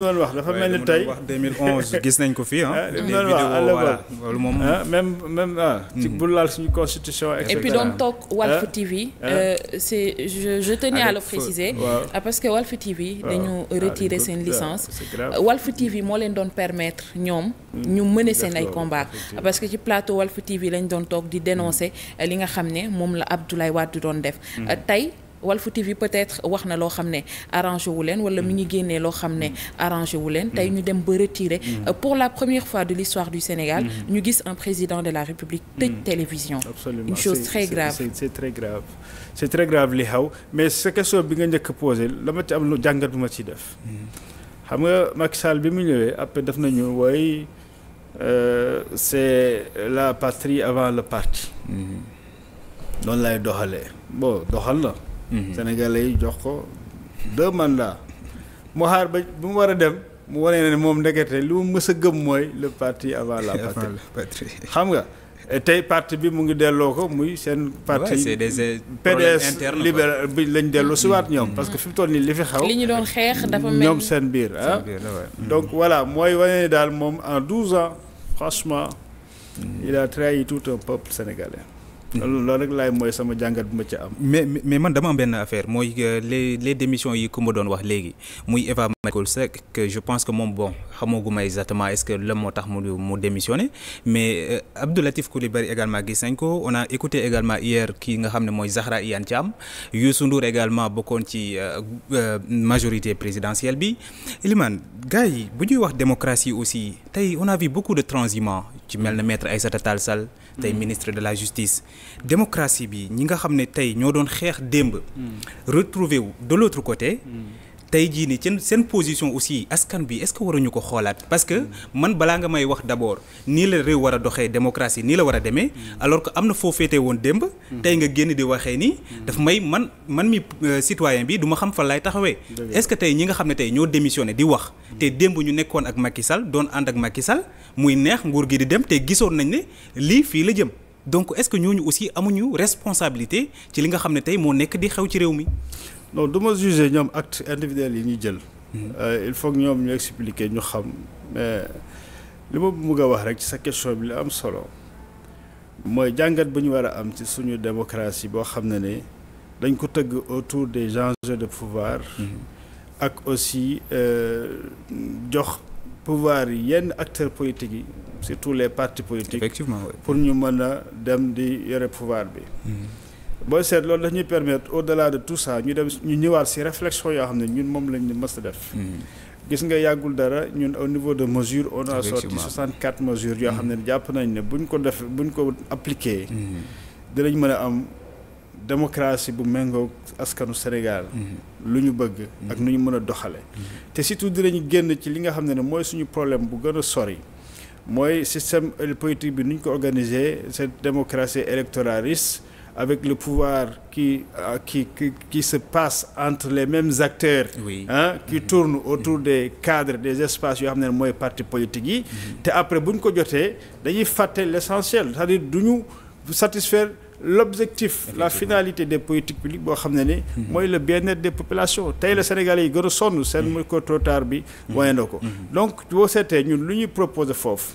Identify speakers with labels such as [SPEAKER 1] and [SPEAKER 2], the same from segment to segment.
[SPEAKER 1] doon wax dafa mel ni tey wax 2011 gis nañ ko fii ah. ah doon wax voilà loolu moom. Ah, même même ah. ci mhm. bu laal suñu constitution et doon toog ah. Walf TV. Euh,
[SPEAKER 2] c' est je je tenais à parce que Walf TV. dañu retirer seen licence. Walf TV moo leen doon permettre ñoom. Hmm. ñu mëne seen ay combat parce que ci plateau Walf TV lañ doon toog di dénoncer hmm. li nga xam ne moom la waat Wade doon def hmm. tey. Walf TV peut-être wax na loo xam ne arrangé wu leen wala mi ngi génnee loo xam ne arrangé wu leen tey ñu dem ba retiré mm. pour la première fois de l'histoire du Sénégal mm. ñu gis un président de la République tëj mm. télévision Absolument. une chose très grave
[SPEAKER 1] c'est très grave c'est très li xaw mais sa question bi nga njëkk posé la ma ci am lu jàngat bu ma ciy def xam nga Macky Sall bi mu ñëwee après def nañu wooy euh, c'est la patrie avant le parti loolu lay doxalee bon doxal la Mhm. sénégalais yi jox ko deux mandats mu xaar ba bu mu war a dem mu wane ne moom ndekete li mu mës a gëm mooy le parti avant la patrie xam nga tey parti bi mu ngi delloo ko muy seen parti PDS euh, libéral bi lañ si waat ñoom mhm. parce que fi mu toll nii li fi xaw li
[SPEAKER 2] ñu doon xeex dafa mel ñoom
[SPEAKER 1] seen biir ah mhm. donc voilà mooy wane daal moom en douze ans franchement il a tout un loolu rek laay mooy sama jàngat bi ma ci am.
[SPEAKER 2] mais mais man dama am benn affaire mooy les les démissions yi ku ma doon wax léegi muy Eva Michael Seck que je pense que moom bon ma exactement est-ce que lan moo tax mu mu démissionné mais euh, Abdou Latif Coulibaly également gis nañ ko on a écouté également hier kii nga xam ne mooy Zahra Iyane am Youssou Ndour également bokkoon ci euh, euh, majorité présidentielle bi Elimane gars yi bu ñuy wax démocratie aussi tey on a vu beaucoup de transhumants. ci mel na maître Aïssata Tall Sall tey mm. ministre de la justice démocratie bi ñi nga xam ne tey ñoo doon xeex démb mm. retrouver wu de l'autre côté mm. tey jii nii seen seen position aussi askan bi est-ce que waruñu ko xoolaat parce que man balaa nga may wax d'abord nii la réew war a doxee démocratie nii la war a demee alors que am na foo féetee woon démb tey nga génn di waxee nii daf may man man mi euh, citoyen bi duma xam fan laay taxawee est-ce que tey ñi nga xam ne tey ñoo démissionné di wax te démb ñu nekkoon ak Macky sal doon ànd ak Macky sal muy neex nguur gi di dem te gisoon nañ ne lii fii la jëm donc est-ce que ñooñu aussi amuñu responsabilité ci li nga xam ne tey moo nekk di xew
[SPEAKER 1] ci réew mi non du ma juger ñoom acte individuel yi ñuy jël. Hmm. Euh, il faut que ñoom ñu expliquer ñu xam mais li ma bëgg a wax rek ci sa question bi li am solo mooy jàngat bu ñu war a am ci suñu démocratie boo xam ne ne dañ ko tëgg autour des enjeux de pouvoir. Hmm. ak aussi euh, jox pouvoir yi yenn acteurs politiques yi surtout les partis politiques. effectivement pour ñu mën a dem di yore pouvoir bi. Hmm. booy seet loolu daf ñuy permettre tout ça ñu dem ñu ñëwaat si réflexion yoo xam ne ñun moom lañ mës a def. Hmm. gis nga yàggul dara ñun au niveau de mesure on a sorti 64 mesures yoo xam ne hmm. jàpp nañ ne buñ ko def buñ ko appliqué. Hmm. dinañ mën a am démocratie bu méngoog askanu Sénégal. lu ñu bëgg. ak nu ñu mën a doxale te surtout dinañ génn ci li nga xam ne mooy suñu problème bu gën a sori. mooy système politique bi nu ñu ko organiser cette démocratie électoraliste avec le pouvoir qui, euh, qui, qui, qui se passe entre les mêmes acteurs oui. hein, qui mhm. tournent autour des cadres des espaces yoo xam ne mooy parti politique yi mhm. te après bu ko jotee dañuy fàtte l'essentiel cest à du ñu satisfaire l'objectif la finalité des politiques publiques boo xam ne ni mhm. mooy le bien-être des populations tey la Sénégalais yi gën a sonn seen micro trottoir bi wayandoo ko donc boo seetee ñun lu ñuy proposer foofu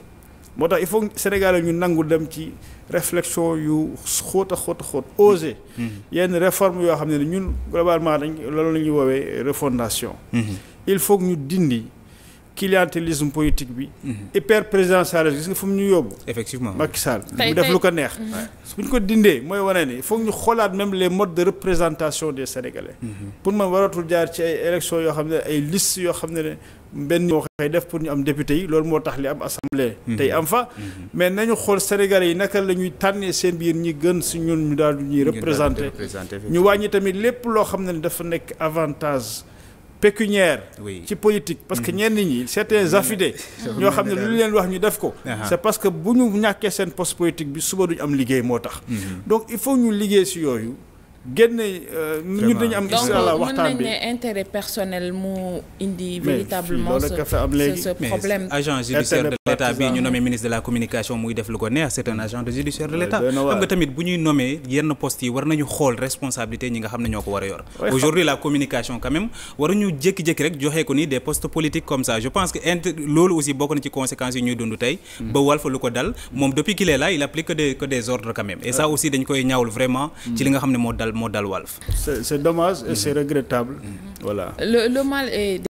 [SPEAKER 1] moo tax il faut Sénégalais ñu nangu dem ci réflexion yu xóot a xóot a mm-hmm. yenn réforme yoo xam ne ñun globalement dañ loolu la ñuy woowee refondation mm-hmm. il faut ñu dindi clientélisme politique bi. hyper mhm. présidentialisme gis nga fu mu ñu yóbbu. effectivement Macky Sall mu def lu ko neex. Mhm. su ko dindee mooy wane ni foog ñu xoolaat même les modes de représentation des sénégalais. Mhm. pour man waratul jaar ci ay élections yoo xam ne ay listes yoo xam ne ne benn moo koy def pour ñu am député yi loolu moo tax li am assemblée. tey am fa. mais nañu xool sénégalais yi naka la ñuy tànnee seen biir ñi gën su ñun ñu daal ñuy représenté. ñu wàññi tamit lépp loo xam ne dafa nekk avantage. pécuniaire ci politique parce que mhm. ñenn ñi certains mhm. affidés ñoo xam ne lu ñu leen wax ñu def ko c'est parce que bu ñu ñàkkee seen poste politique bi suba duñu am liggéey moo tax mhm. donc il faut ñu liggéey si yooyu génne ñun euh, dañu am. incha allah waxtaan bi donc mën nañ
[SPEAKER 2] ne intérêt personnel mu indi. véritablement ce problème. de l' bi ñu nommé ministre de la communication muy def lu ko neex c' agent de judiciaire de l' xam nga tamit bu ñuy nommé yenn postes yi war nañu xool responsabilité ñi nga xam ne ñoo ko war a yor. aujourd'hui la communication quand même waruñu jékki-jékki rek joxe ko ni des postes politiques comme ça je pense que inter loolu aussi bokk na ci conséquences yi ñuy dund tey. Mm. ba Walf lu moo dal Walf.
[SPEAKER 1] c'est dommage et c'est mm-hmm. regrettable. Mm-hmm. Voilà. Le, le mal est